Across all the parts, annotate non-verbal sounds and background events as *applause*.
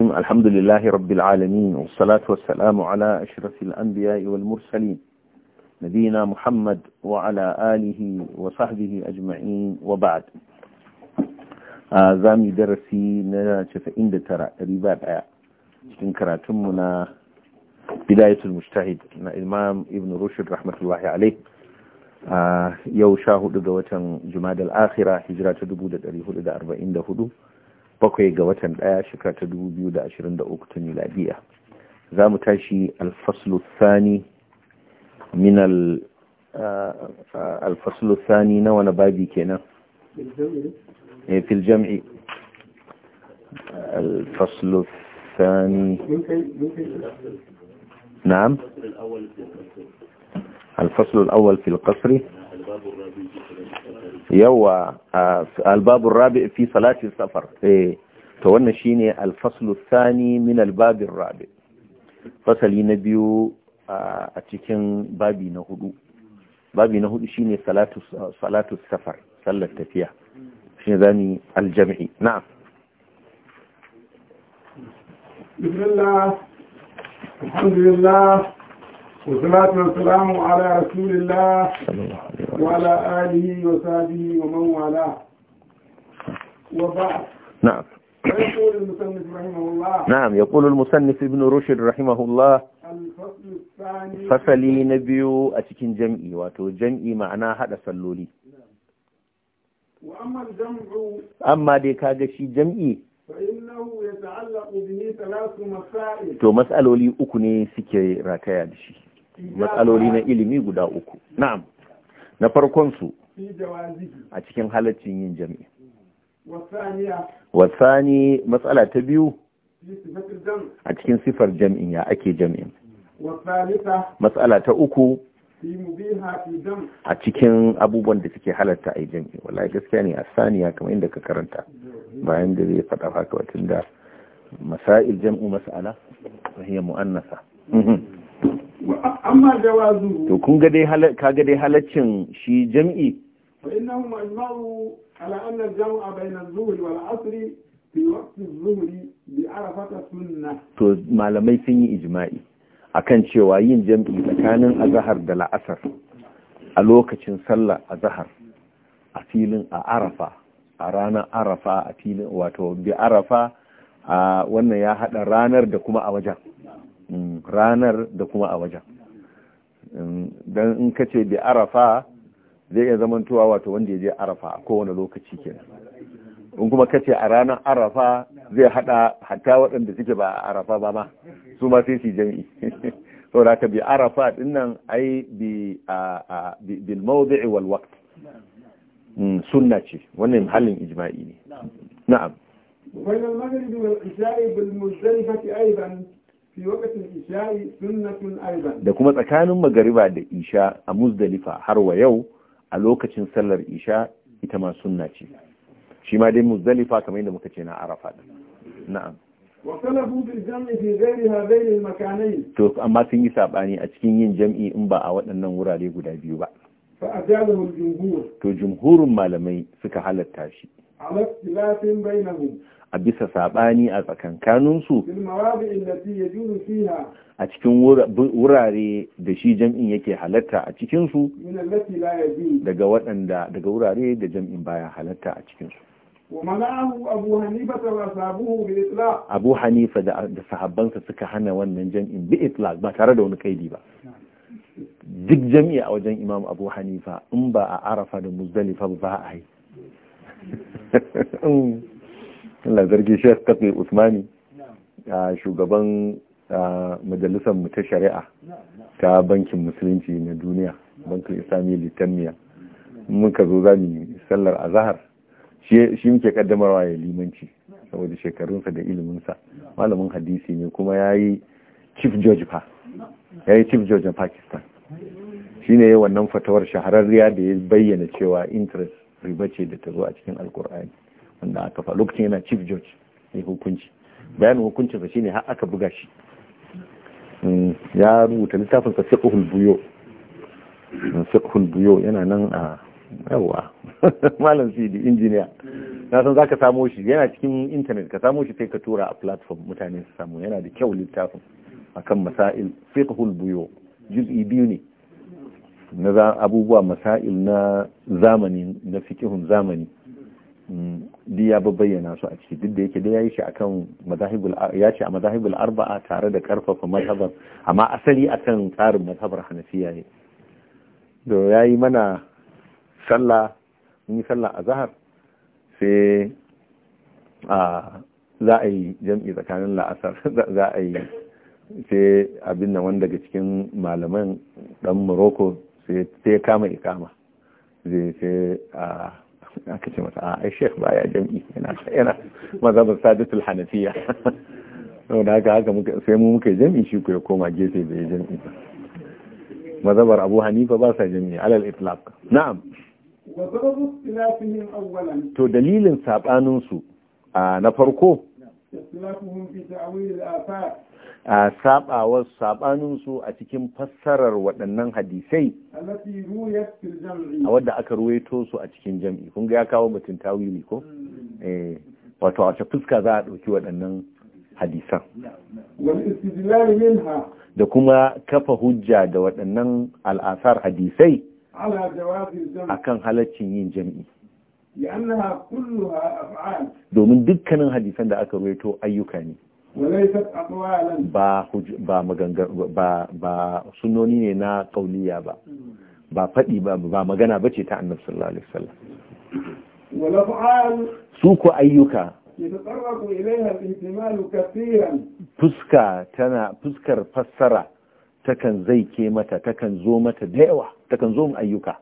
الحمد لله رب العالمين والصلاة والسلام على أشرف الأنبياء والمرسلين نبينا محمد وعلى آله وصحبه أجمعين وبعد زامي درسي نشف إند ترى رباب آية تنكراتمنا بداية المجتهد الإمام ابن رشد رحمة الله عليه yau sha hudu ga watan jumada al'akhira hijira ta dubu da dari hudu da arba'in da hudu bakwai ga watan ɗaya shekara ta dubu biyu da da ashirin uku ta miladiya za mu tashi alfaslu minal min alfaslu thani na wani babi kenan eh, fil jam'i alfaslu thani na'am الفصل الأول في القصر yawa albabun rabi fi salatin safar eh, to wannan shine alfaslu thani min albabin rabi fasali na biyu a cikin babi na hudu babi na hudu shine salatu salatu safar sallar tafiya shine zani aljam'i na'am bismillah alhamdulillah والصلاة والسلام على رسول الله وعلى آله وصحبه ومن والاه وبعد نعم يقول المصنف رحمه الله نعم يقول المصنف ابن رشد رحمه الله الفصل الثاني فصلي نبيو أتكين جمعي واتو جمعي معناها هذا صلولي وأما الجمع أما دي كاجشي جمعي فإنه يتعلق به ثلاث مسائل تو مسألة لي أكني سكي راكايا دشي matsaloli na ilimi guda uku na'am na farkon su a cikin halaccin yin jami'i wasani matsala ta biyu a cikin sifar jami'in ya ake jami'in matsala ta uku a cikin abubuwan da suke halatta a yi jami'i wallahi gaskiya ne a saniya kamar inda ka karanta bayan da zai faɗa haka watan da masa'il ala, mas'ala wahiyar mu'annasa mm-hmm. amma jawazu to kun ga dai ka ga dai halaccin shi jam'i fa innahum ajma'u ala anna jama bayna az-zuhri wal 'asri fi waqti az-zuhri bi arafata sunnah to malamai sun yi ijma'i akan cewa yin jam'i tsakanin azhar da la'asar a lokacin sallah azhar a filin a arafa a ranar arafa a filin wato bi arafa a wannan ya hada ranar da kuma a wajen ranar da kuma a wajen don in ka ce bi arafa zai iya zamantowa wato wanda ya je arafa a kowane lokaci ke in kuma ka ce a ranar arafa zai hada hatta waɗanda suke ba arafa ba ma su ma sai su jami'i *laughs* saboda ka bi arafa din nan ai bi bil mawdi'i wal waqt mm, sunna ce wannan halin ijma'i ne na'am wal isha'i da kuma tsakanin magariba da isha a muzdalifa har wa yau a lokacin sallar isha ita ma sunna ce shi ma dai muzdalifa kamar yadda muka ce na arafa na'am to amma sun yi sabani a cikin yin jam'i in ba a waɗannan wurare guda biyu ba to jumhurin malamai suka halatta shi a bisa saɓani a tsakankaninsu a cikin wurare da shi jam'in yake halatta a cikinsu daga waɗanda daga wurare da jam'in baya halatta a cikinsu abu hanifa da sahabbansa suka hana wannan jam'in bi itlaq ba tare da wani kaidi ba duk jam'i a wajen imam abu hanifa in ba a arafa da muzdalifa ba a yi *laughs* Allah zargi Sheikh Tafi Usmani shugaban majalisar mu ta shari'a ta bankin musulunci na duniya bankin islami litaniya ka zo za sallar azahar shi muke kaddamarwa ya limanci saboda shekarunsa da iliminsa malamin hadisi ne kuma ya yi chief judge fa ya yi chief judge na pakistan shi ne wannan fatawar shahararriya da ya bayyana cewa interest riba ce da ta zo a cikin alkur'ani wanda aka fa lokacin yana chief judge ne hukunci bayanin hukuncinsa ne har aka buga shi mm, ya rubuta littafin sa fiqhul buyo mm, fiqhul buyo yana nan a yawa *laughs* malam cd injiniya na san zaka samo shi yana cikin intanet ka samo shi sai ka tura a platform mutane su samu yana da kyau littafin akan masail fiqhul buyo juz'i biyu ne na abubuwa masail na zamani na fiqhun zamani duk ya bayyana su a ciki duk da yake da ya yi shi akan mazahibul ya ce a mazahibul arba'a tare da karfafa mazhabar amma asali akan tsarin mazhabar hanafiya ne da ya yi mana sallah mun yi sallah a zahar sai a za a yi jam'i tsakanin la'asar *laughs* za a yi sai abin nan wanda daga cikin malaman dan morocco sai ya kama ikama zai sai a aka ce mata a sheikh baya jam'i yana yana mazhabar sadatul hanafiya sau da haka haka sai mu muka jam'i shi ku ya koma gefe bai jam'i ba mazhabar abu hanifa ba sa jam'i alal itlaq na'am to dalilin sabanin su na farko a sabawar sabaninsu a cikin fassarar waɗannan hadisai a wadda aka ruwaito su a cikin jam'i kun ga ya kawo mutum tawili ko mm. eh, wato a fuska za a ɗauki waɗannan hadisan da kuma kafa hujja da waɗannan al'asar hadisai akan halaccin yin jam'i domin dukkanin hadisan da aka ruwaito ayyuka ne ba ba ba ba sunoni ne na kauliya ba ba faɗi ba ba magana ba ce ta annabi sallallahu alaihi wasallam wala su ku ayyuka fuska tana fuskar fassara takan zai ke mata takan zo mata da yawa takan zo mu ayyuka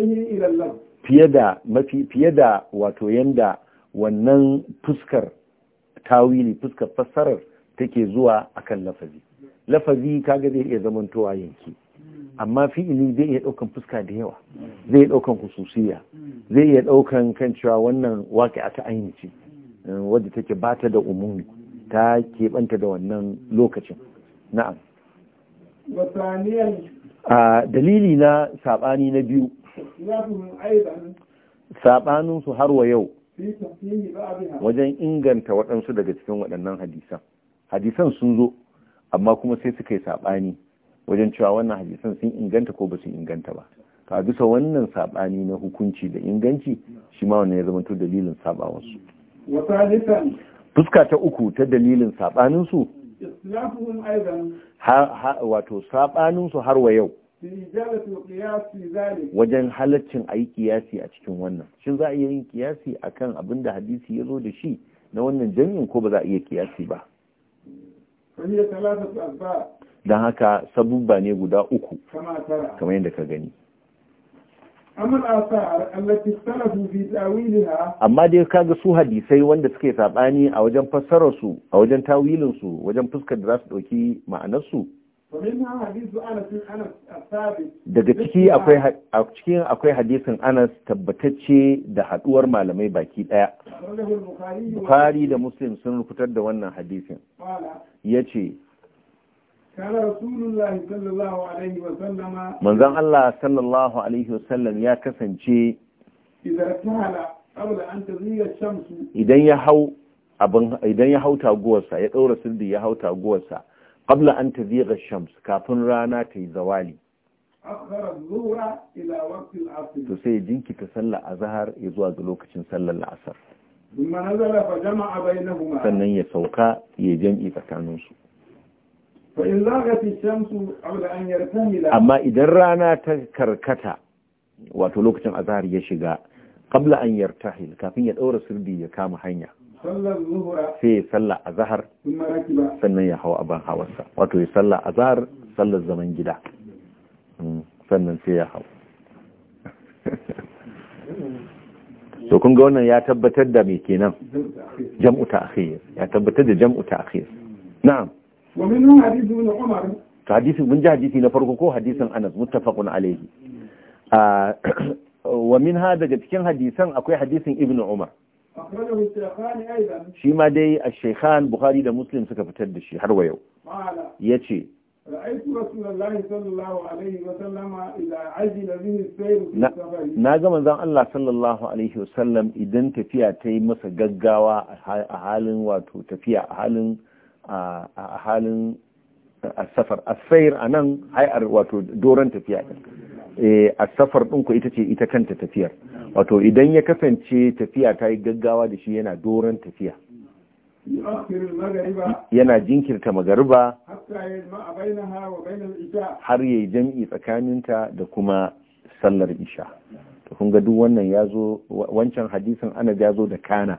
min ila fiye da mafi fiye da wato yanda wannan fuskar tawili fuskar fassarar take zuwa akan lafazi lafazi kaga zai iya zamantowa yanki amma fi'ili zai iya ɗaukan fuska da yawa zai iya ɗaukan hususiya zai iya ɗaukan kan cewa wannan waƙi ta ainihi ce eh, wadda take bata da umumi ta keɓanta da wannan lokacin na'am a dalili na saɓani na biyu saɓaninsu har wa yau wajen inganta waɗansu daga cikin waɗannan hadisan hadisan sun zo amma kuma sai suka yi saɓani wajen cewa wannan hadisan sun inganta ko ba su inganta ba ka bisa wannan saɓani na hukunci da inganci shi ma wannan ya zama to dalilin saɓawansu fuska ta uku ta dalilin saɓaninsu wato saɓaninsu har wa yau wajen halaccin a yi kiyasi a cikin wannan shin za a iya yin kiyasi a kan abin da hadisi ya zo da shi na wannan jami'in ko ba za a iya kiyasi ba don haka sabubba ne guda uku kamar yadda ka gani amma dai ka ga su hadisai wanda suke saɓani a wajen fassararsu a wajen tawilinsu wajen fuskar da za su ɗauki ma'anarsu daga ciki akwai hadisin anas tabbatacce da haduwar malamai baki daya bukhari da muslim sun fitar da wannan hadisin ya ce manzan allah sallallahu alaihi wasallam ya kasance idan ya hau taguwarsa ya ɗaura sirdi ya hau taguwarsa qabla an tazigha shams kafin rana ta yi zawali to sai ya jinkita sallar azhar ya zuwa ga lokacin sallar la'asar sannan ya sauka ya jam'i tsakaninsu amma idan rana ta karkata wato lokacin Azahar ya shiga qabla an yartahil kafin ya ɗaura sirdi ya kama hanya sai ya salla a zahar sannan ya hau abin hawarsa wato ya salla a zahar sallar zaman gida mm, sannan sai ya hau to *laughs* kun ga wannan ya tabbatar da me kenan jam'u ta'khir ya tabbatar da jam'u ta'khir na'am wa minhu hadithu ibn umar to hadisi mun ji hadisi na farko ko hadisin Anas muttafaqun alayhi ah, *clears throat* wa min hada daga cikin hadisan akwai hadisin ibn umar shi ma dai a shekhan buhari da muslim suka fitar da shi har wa yau ya ce na gama zan Allah sallallahu alaihi wasallam idan tafiya ta yi masa gaggawa a halin wato tafiya a halin asafar asfair a nan hai'ar wato doron tafiya ɗin eh, safar ɗin ku ita ce ita kanta tafiyar wato idan ya kasance tafiya ta yi gaggawa da shi yana doron tafiya yana jinkirta magariba har yi jam'i tsakaninta da kuma sallar isha to kun ga duk wannan ya zo wancan hadisin ana ya zo da kana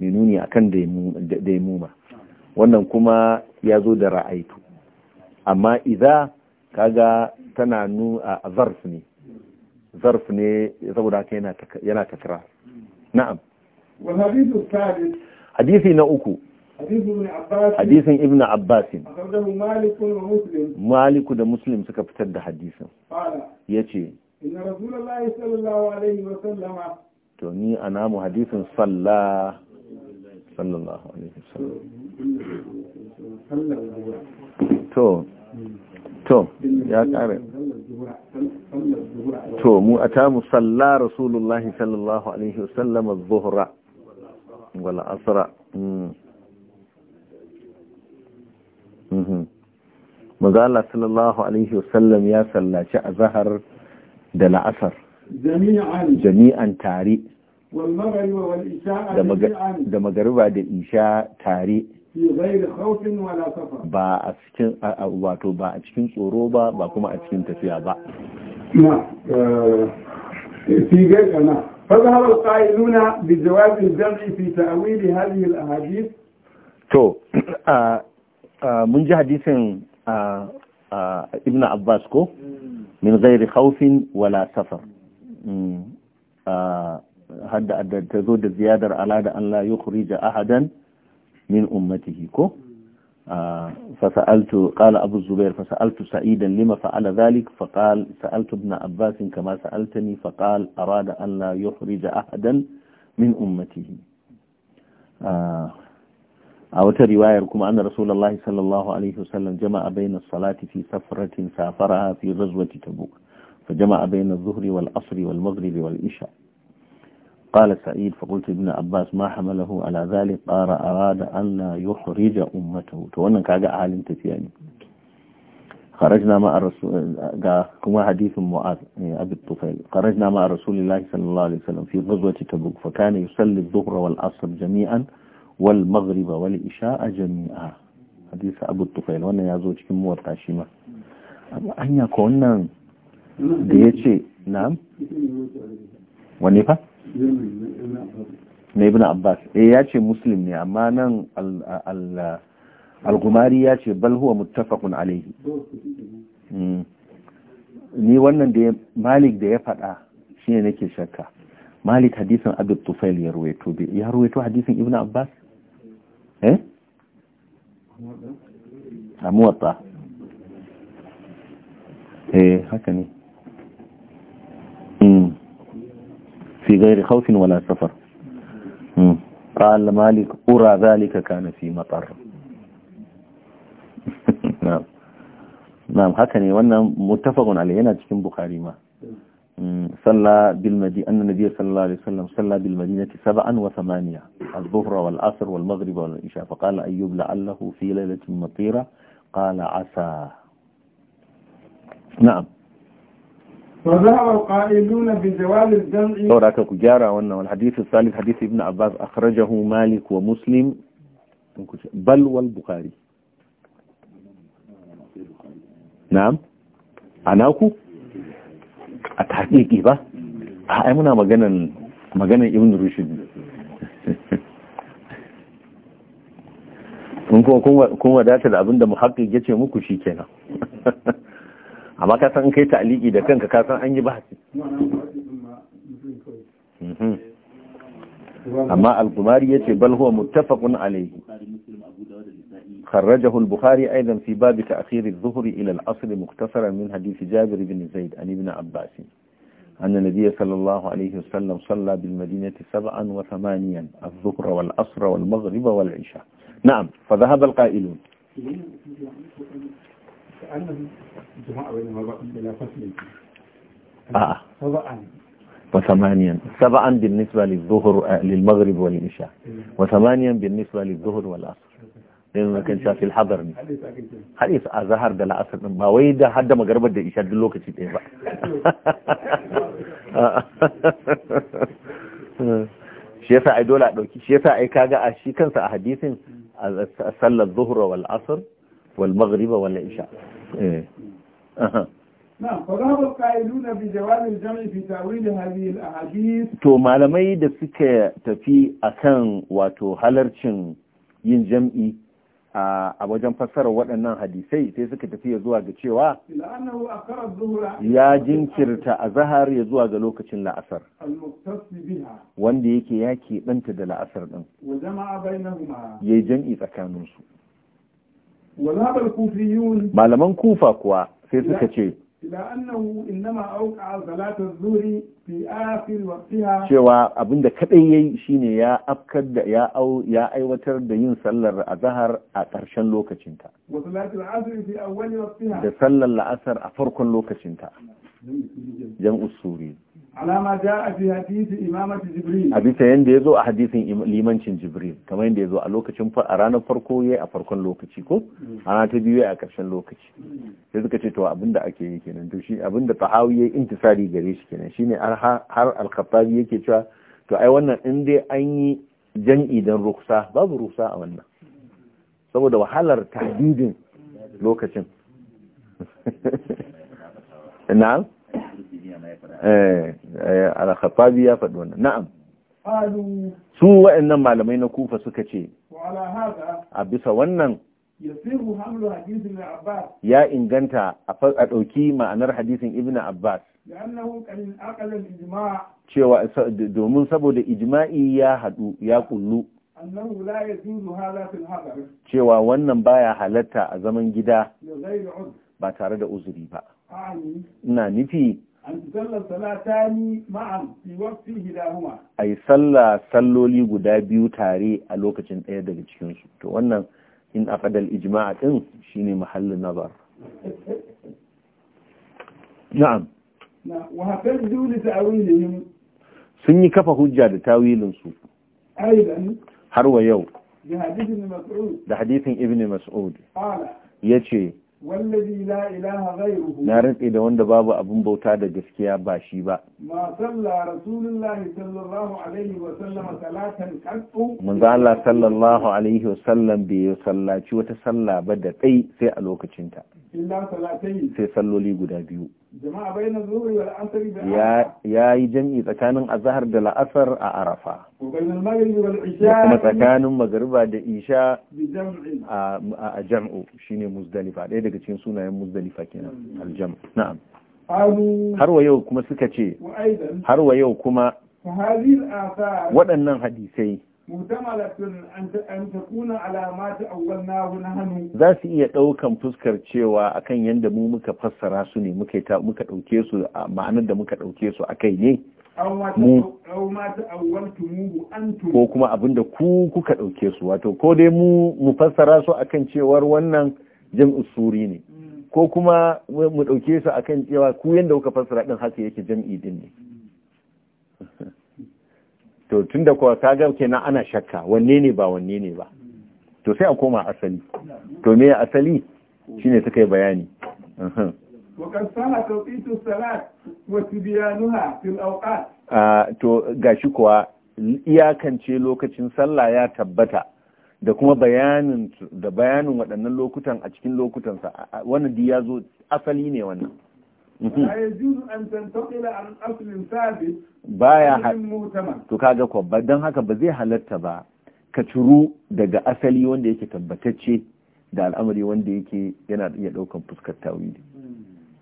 mai nuni akan da ya wannan kuma ya zo da ra'aitu amma idza kaga tana nu a zarf ne zarf ne saboda haka yana yana takra na'am wa hadithu thalith hadithi na uku hadisin ibn abbas maliku da muslim suka fitar da hadisin yace inna rasulullahi sallallahu alaihi wa sallama to ni mu hadisin salla sallallahu alaihi wa sallam to to ya kare to mu atamu salla rasulullahi sallallahu alaihi wasallam az-zuhra wal asra mm. mm-hmm. Mazala sallallahu Alaihi wasallam ya sallaci a zahar da la'asar. Jami'an tare. Da magariba da isha tare. ba a cikin wato ba a cikin tsoro ba ba kuma a cikin tafiya ba na sigar kana nuna القائلون jawabin الجمع في تأويل هذه الأحاديث to mun ji hadisin ibn abbas ko min gairi haufin wala safar hmm, hadda ta zo da ziyadar ala da an la yukhrija ahadan من أمته آه، فسألت قال أبو الزبير فسألت سعيدا لما فعل ذلك فقال سألت ابن عباس كما سألتني فقال أراد أن لا يخرج أحدا من أمته أو آه، آه، رواية لكم أن رسول الله صلى الله عليه وسلم جمع بين الصلاة في سفرة سافرها في غزوة تبوك فجمع بين الظهر والعصر والمغرب والعشاء قال سعيد فقلت ابن عباس ما حمله على ذلك قال أراد أن لا يخرج أمته تونا كاقا عالم تفياني خرجنا مع الرسول كما حديث معاذ أبي الطفيل خرجنا مع رسول الله صلى الله عليه وسلم في غزوة تبوك فكان يصلي الظهر والعصر جميعا والمغرب والإشاء جميعا حديث أبو الطفيل وانا يزوج كم وقاشمة أن يكون ديتي نعم ونفا na ibn abbas eh ya ce muslim ne amma nan al-gumari ya ce bal huwa muttafaqun alaihi hmm. ni wannan da malik da ya faɗa shine nake shakka malik hadisin abu tufail ya ruwaito ya ruwaito hadisin ibn abbas eh a muwatta eh haka ne بغير خوف ولا سفر قال مالك أرى ذلك كان في مطر *laughs* نعم نعم هكذا وانا متفق عليه هنا بخاري ما صلى بالمدينة أن النبي صلى الله عليه وسلم صلى بالمدينة سبعا وثمانية الظهر والعصر والمغرب والعشاء فقال أيوب لعله في ليلة مطيرة قال عسى نعم saboda ka ku gyara wannan wal hadithu salis hadithu ibn abbas akhrajahu malik wa muslim bal wal bukhari na'am ana ku a tahqiqi ba ai muna maganan maganan ibn rushd kun kuma kun wadata da abinda muhaqqiq yace muku shikenan *laughs* amma ka san kai ta'aliki da kanka ka san an yi bahasi mhm. amma al-qumari yace bal huwa muttafaqun alayhi خرجه البخاري أيضا في باب تأخير الظهر إلى العصر مختصرا من حديث جابر بن زيد عن ابن عباس أن النبي صلى الله عليه وسلم صلى بالمدينة سبعا وثمانيا الظهر والعصر والمغرب والعشاء نعم فذهب القائلون آه. وثمانيا سبعا بالنسبة للظهر آه، للمغرب والعشاء إيه. وثمانيا بالنسبة للظهر والعصر إيه. لأنه كان في الحضر حديث أظهر ده العصر ما ويدا حد ما قربت ده إشاء دلوك تشيد إيه بقى شفاء دولا شفاء كاجا أشيكا في أحاديث الظهر والعصر والمغرب والعشاء إيه. To malamai da suka tafi akan wato halarcin yin jam'i a wajen fassarar waɗannan hadisai sai suka tafi ya zuwa ga cewa ya jinkirta a zahar ya zuwa ga lokacin la'asar wanda yake ya keɓanta da la'asar ɗin ya yi jam'i tsakaninsu malaman kufa kuwa sai suka ce cewa abinda kadai yayi shine ya afkar da ya au ya aiwatar da yin sallar zahar a ƙarshen lokacinta da sallar la'asar a farkon lokacinta jan usuri alama ja a fi hadisi imamati jibril a yanda yazo a hadisin limancin jibril kamar yanda yazo a lokacin a ranar farko yayi a farkon lokaci ko mm. a ranar ta biyu yayi a ƙarshen lokaci mm. sai suka ce to abinda ake yi kenan to shi abinda tahawi yayi intisari gare shi kenan shine har al-khattabi yake cewa to ai wannan in dai an yi jan'i dan ruksa babu ruksa a wannan saboda wahalar tahdidin lokacin *laughs* na'am eh, eh al ya faɗi wannan na'am su waɗannan malamai na kufa suka ce a bisa wannan ya inganta a ɗauki ma'anar hadisin ibn abbas cewa domin saboda ijma'i ya haɗu ya kullu cewa wannan baya halatta a zaman gida ba tare da uzuri ba ina nufi an sallar salatani ma'an fi waqti hidahuma ai sallah salloli guda biyu tare a lokacin ɗaya daga cikin su to wannan in afadal ijma'a din shine mahallin nazar na'am na wa hafadu li ta'wilihim sun yi kafa hujja da tawilin su aidan har wa yau da hadisin mas'ud da hadisin ibn mas'ud yace wallazi la ilaha ghairuhu na ratse da wanda babu abin bauta da gaskiya ba shi ba ma salla rasulullahi sallallahu alaihi wa sallam salatan qattu manzo Allah sallallahu alaihi wa sallam bai sallaci wata salla ba da ɗai sai a lokacin ta sai salloli guda biyu ya yi jam'i tsakanin azahar da la'asar a arafa kuma tsakanin magariba da isha a jam'u shine muzdalifa ɗaya daga cikin sunayen muzdalifa kenan aljam na'am har wa yau kuma suka ce har wa yau kuma waɗannan hadisai muhtamalatun an takuna alamata awwalnahu nahnu za su iya daukan fuskar cewa akan yanda mu muka fassara su ne muka ta muka dauke su ma'anar da muka dauke su akai ne mu ko kuma abinda ku kuka dauke su wato ko dai mu mu fassara su akan cewar wannan jam'u suri ne hmm. ko kuma mu dauke su akan cewa ku yanda kuka fassara din haka yake jam'i din ne hmm. *laughs* to tun da kuwa kaga kenan ana shakka wanne ne ba wanne ne ba to sai a koma asali to me asali shine suka yi bayani to gashi kuwa iyakance lokacin sallah ya tabbata da kuma bayanin da bayanin waɗannan lokutan a cikin lokutansa wannan ya zo asali ne wannan Mhm. baya to kaga kwabba don haka ba zai halarta ba ka ciro daga asali wanda yake tabbatacce da al'amari wanda yake yana iya daukan fuskar tawili hmm.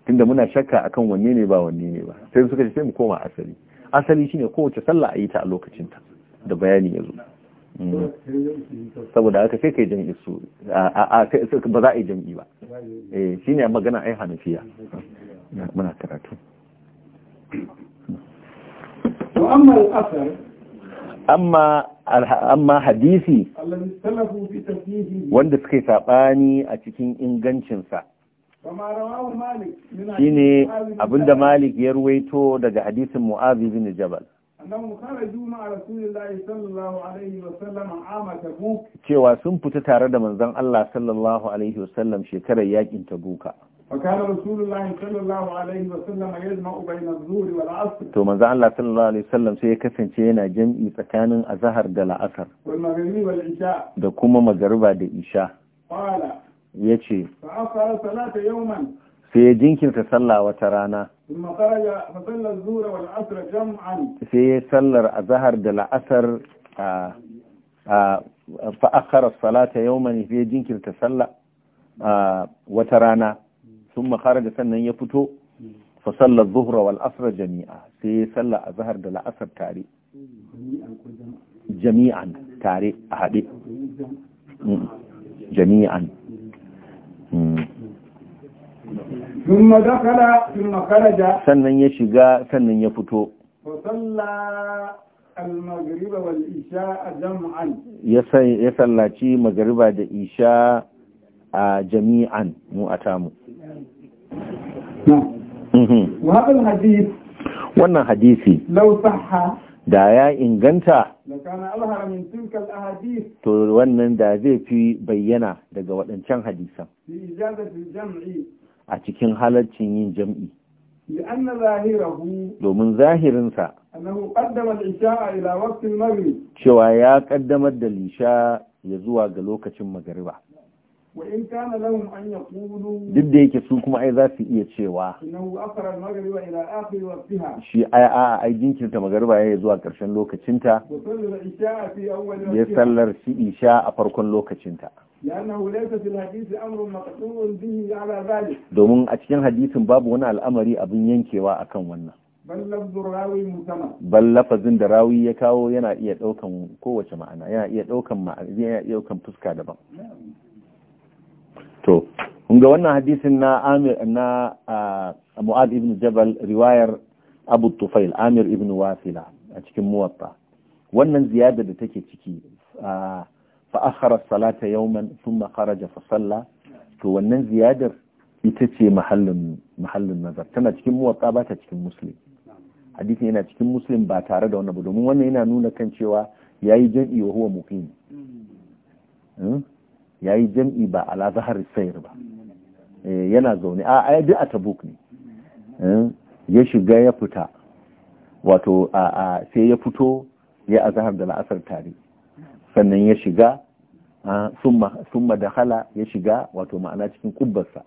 tunda muna shakka akan wanne ne ba wanne ne ba sai suka ce sai mu koma asali asali shine kowace sallah a yi ta a lokacin ta da bayani ya zo hmm. saboda haka sai kai jam'i su ba za a yi jam'i ba eh, shine magana ai hanafiya hmm. muna karatu amma hadisi wanda suka yi saɓani a cikin ingancinsa shi ne abinda malik ya ruwaito daga hadisin mu'azi bin jabal لم خرجوا مع رسول الله صلى الله عليه وسلم عام cewa sun fita tare da manzon Allah sallallahu alaihi shekarar yakin tabuka وكان رسول الله صلى الله عليه وسلم يجمع بين الظهر والعصر to manzo Allah sallallahu sai ya kasance yana jam'i tsakanin azahar da la'asar والمغرب والعشاء da kuma magariba da isha qala yace fa fara salata sai ya jinkirta sallah wata rana sai ya sallar a zahar da la'asar a fa'akarar salata yau mani sai ya jinkirta sallah wata rana sun makara da sannan ya fito fa sallar zuhra wal asra jami'a sai ya sallar a zahar da la'asar tare jami'an tare a haɗe mm, jami'an mm. ثم دخل ثم خرج sannan ya shiga sannan ya fito فصلى المغرب والعشاء جمعا ya sallaci magariba da isha a jami'an mu a hadisi. wannan hadisi da ya inganta to wannan da zai fi bayyana daga waɗancan hadisan a cikin halaccin yin jam'i domin zahirinsa cewa ya kaddamar da lisha ya zuwa ga lokacin magariba duk da yake su kuma ai za su iya cewa shi ai a ai jinkirta magariba ya zuwa ƙarshen lokacinta ya sallar shi isha a farkon lokacinta domin a cikin hadisin babu wani al'amari abin yankewa a kan wannan bal lafazin da rawi ya kawo yana iya ɗaukan kowace ma'ana yana iya ɗaukan fuska daban to ga wannan hadisin na amir na mu'ad ibn jabal riwayar abu tufail amir ibn wasila a cikin muwatta wannan ziyada da take ciki fa akhara salata yawman thumma kharaja fa salla to wannan ziyadar ita ce mahallin mahallin nazar tana cikin muwatta ba ta cikin muslim hadisin yana cikin muslim ba tare da wannan ba domin wannan yana nuna kan cewa yayi jam'i wa huwa muqim hmm? ya yi jam'i ba ala zahar sayar ba eh, yana zaune a a a tabuk ne eh, ya shiga ya fita wato a sai ya fito ya a zahar da la'asar tare sannan ya shiga summa da ya shiga wato ma'ana cikin kubbarsa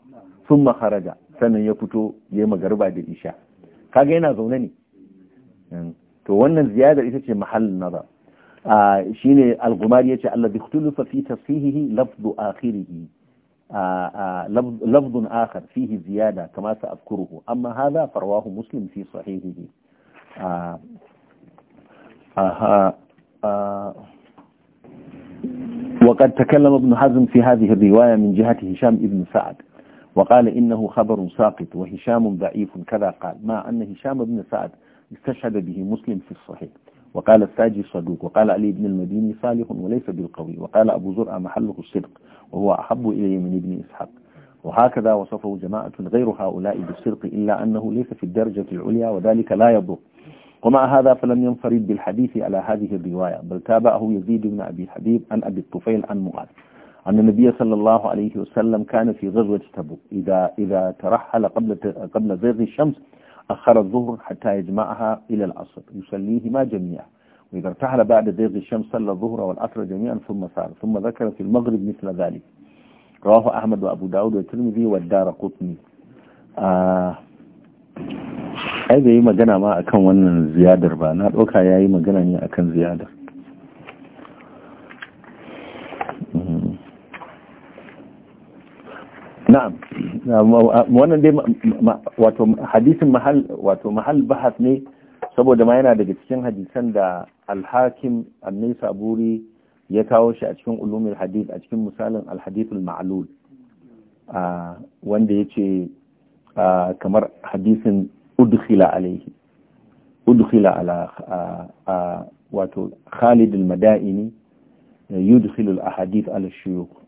summa haraja sannan ya fito ya magarba da isha kaga yana zaune ne eh, to wannan ziyadar ita ce mahallin nazar shine al-gumari yace alladhi ikhtalafa fi tafsihihi lafzu akhirihi لفظ آخر فيه زيادة كما سأذكره أما هذا فرواه مسلم في صحيحه آه،, آه آه آه وقد تكلم ابن حزم في هذه الرواية من جهة هشام ابن سعد وقال إنه خبر ساقط وهشام ضعيف كذا قال مع أن هشام بن سعد استشهد به مسلم في الصحيح وقال الساجي صدوق وقال علي بن المديني صالح وليس بالقوي وقال أبو زرع محله الصدق وهو أحب إلي من ابن إسحاق وهكذا وصفه جماعة غير هؤلاء بالصدق إلا أنه ليس في الدرجة العليا وذلك لا يضر ومع هذا فلم ينفرد بالحديث على هذه الرواية بل تابعه يزيد بن أبي حبيب عن أبي الطفيل عن معاذ أن النبي صلى الله عليه وسلم كان في غزوة تبوك إذا إذا ترحل قبل قبل زيغ الشمس أخر الظهر حتى يجمعها إلى العصر يصليهما جميعا وإذا ارتحل بعد ذيغ الشمس صلى الظهر والعصر جميعا ثم سار ثم ذكر في المغرب مثل ذلك رواه أحمد وأبو داود والترمذي والدار قطني آه ai da yi magana ma akan wannan ziyadar ba na ɗauka ya na'am wannan dai wato hadisin mahal wato mahal bahas ne saboda ma yana daga cikin hadisan da alhakim annai buri ya kawo shi a cikin ulumul hadith a cikin misalin alhadithul ma'lul ah, wanda ya ce ah, kamar hadisin udkhila alaihi udkhila ala ah, wato khalid al-madaini yudkhilul ahadith ala shuyukh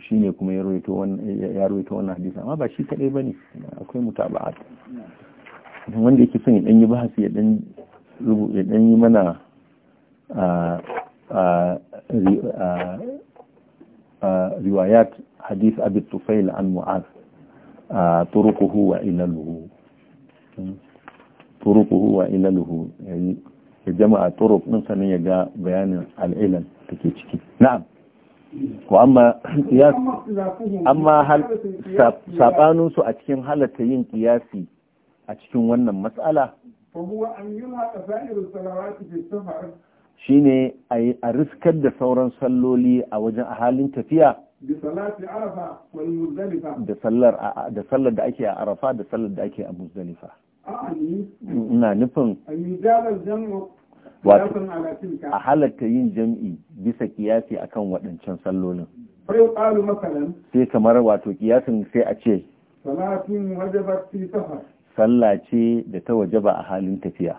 shi ne kuma ya roito wannan hadisa amma ba shi kaɗai ba ne akwai mutaba'at wanda yake son ya ɗanyi bahasi ya ɗanyi mana riwayat hadith abin tufail an mu'az turukuhu wa ilaluhu turukuhu wa ilaluhu ya jama'a turuk ɗin sanin ya ga bayanin al'ilan take ciki na'am amma su a cikin halatta yin kiyasi a cikin wannan matsala shine a riskar da sauran salloli a wajen a halin tafiya da sallar da ake a arafa da sallar da ake a muzdalifa ina nufin a halatta yin jam'i bisa kiyasi akan waɗancan sallolin sai kamar wato kiyasin sai a ce sallah ce da ta wajaba a halin tafiya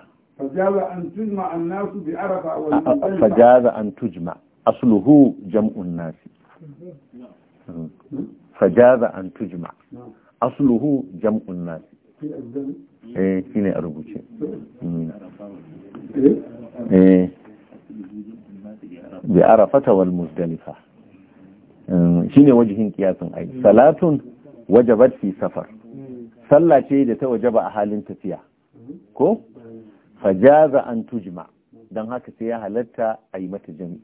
fajaza an tujma asluhu jam'un nasi fajaza an tujma asluhu jam'un nasi eh bi arafata wal muzdalifa um, shine wajihin kiyasin ai salatun wajabat fi safar Sallace da ta wajaba a halin tafiya ko fajaza an tujma don haka sai ya halatta a yi mata jam'i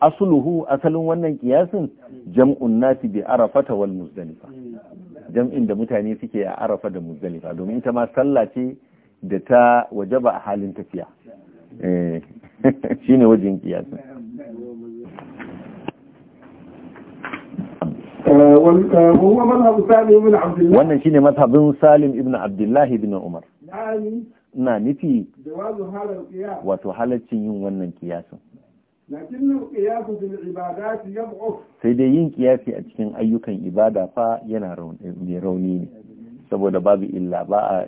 asuluhu asalin wannan kiyasin jam'un nasi bi arafata wal muzdalifa jam'in da mutane suke a arafa da muzdalifa domin ita ma sallace da ta wajaba a halin tafiya eh, *laughs* shine wajen kiyasin wannan shi ne mazhabin salim ibn abdullahi ibn umar na nufi wato halaccin yin wannan kiyasin sai dai yin kiyasi a cikin ayyukan ibada fa yana rauni ne saboda babu illa ba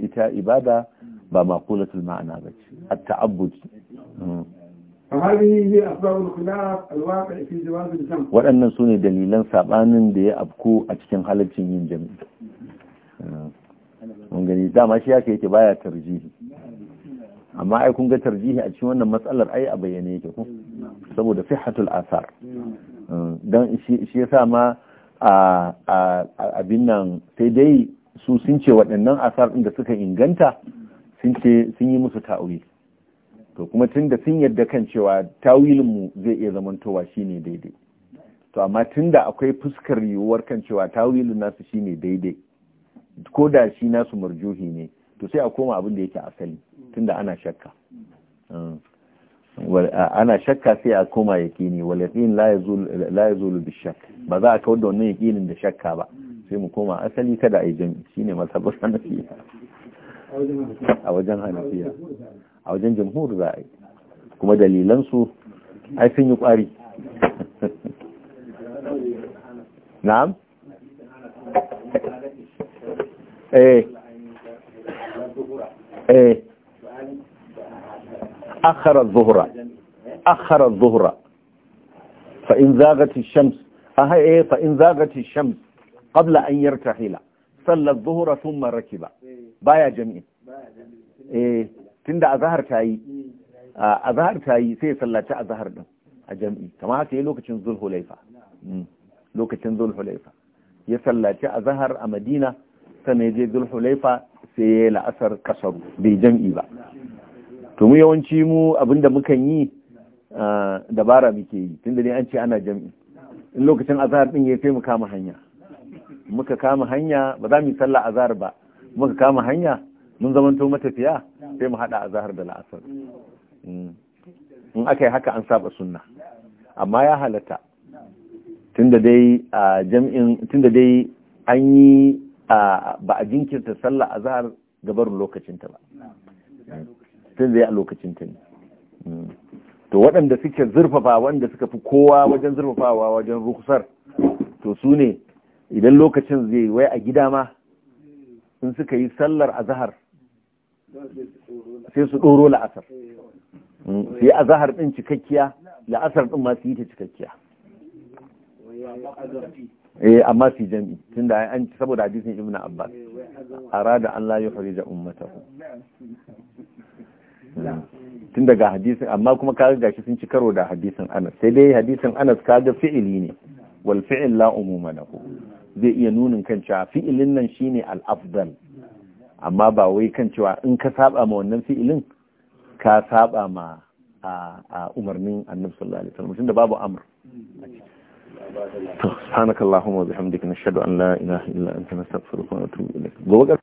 ita ibada ba makulatul ma'ana ba ce ta'abbuki waɗannan su ne dalilan saɓanin da ya afko a cikin halaccin yin jami'i mun gani dama shi yake yake baya tarjihi amma ai kun ga tarjihi a cikin wannan matsalar ai a bayyane yake ku saboda sihhatul asar dan shi yasa ma a abin nan sai dai su sun ce waɗannan asar ɗin da suka inganta sun yi musu ta'uri. to kuma tun da sun yarda kan cewa tawilinmu zai iya zamantowa shine daidai to amma tun da akwai fuskar yiwuwar kan cewa tawilin nasu shine daidai ko da shi nasu marjuhi ne to sai a koma abin da yake asali tun da ana shakka hmm. ana shakka sai a koma yaƙini ne yaqin la zulu da shakk ba za a kawar da wannan yakinin da shakka ba sai mu koma asali kada a yi jami'i shine masabar hanafiya a wajen hanafiya a wajen jamhur za a yi kuma dalilansu haifin yi kwari na'am eh eh akhara zuhra akhara zuhra fa in zagat ash-shams aha eh fa in zagat ash-shams qabla an yartahila salla adh-dhuhra thumma rakiba baya jami'in eh tunda azahar ta yi azahar ta yi sai ya sallaci azahar din a jam'i kamar haka yi lokacin zulhulaifa hmm. lokacin zulhulaifa ya sallaci azahar a madina sannan ya je zulhulaifa sai ya yi la'asar kasar bai jam'i ba to mu yawanci mu abinda mukan yi dabara muke yi tunda ne an ce ana jam'i in lokacin azahar din ya sai mu kama hanya muka kama hanya ba za mu yi sallah azhar ba muka kama hanya mun zamanto matafiya sai mu hada azhar da la'asar mm. in aka yi haka an saba sunna amma ya halatta tunda dai a jam'in tunda dai an yi ba a jinkirta sallah azhar gabarin lokacinta ba tunda dai a lokacinta ne to waɗanda suke zurfafa wanda suka fi kowa wajen zurfafawa wajen rukusar to su ne idan lokacin zai wai a gida ma in suka yi sallar azahar sai su ɗoro la'asar Sai a zahar ɗin cikakkiya la'asar ɗin ma su yi ta cikakkiya eh amma su jami da an saboda hadisin Ibn abbas arada an la yuhrija ummatahu tun daga hadisin amma kuma kaga gashi sun ci karo da hadisin Anas sai dai hadisin Anas kaga fi'ili ne wal fi'il la umuma zai iya nunin kan cewa fi'ilin nan shine al afdal amma ba wai kan cewa in ka saba ma wannan fi'ilin ka saba ma a umarnin annabi sallallahu alaihi wasallam tunda babu amr to subhanakallahumma wa bihamdika nashhadu an la ilaha illa anta nastaghfiruka wa natubu ilaik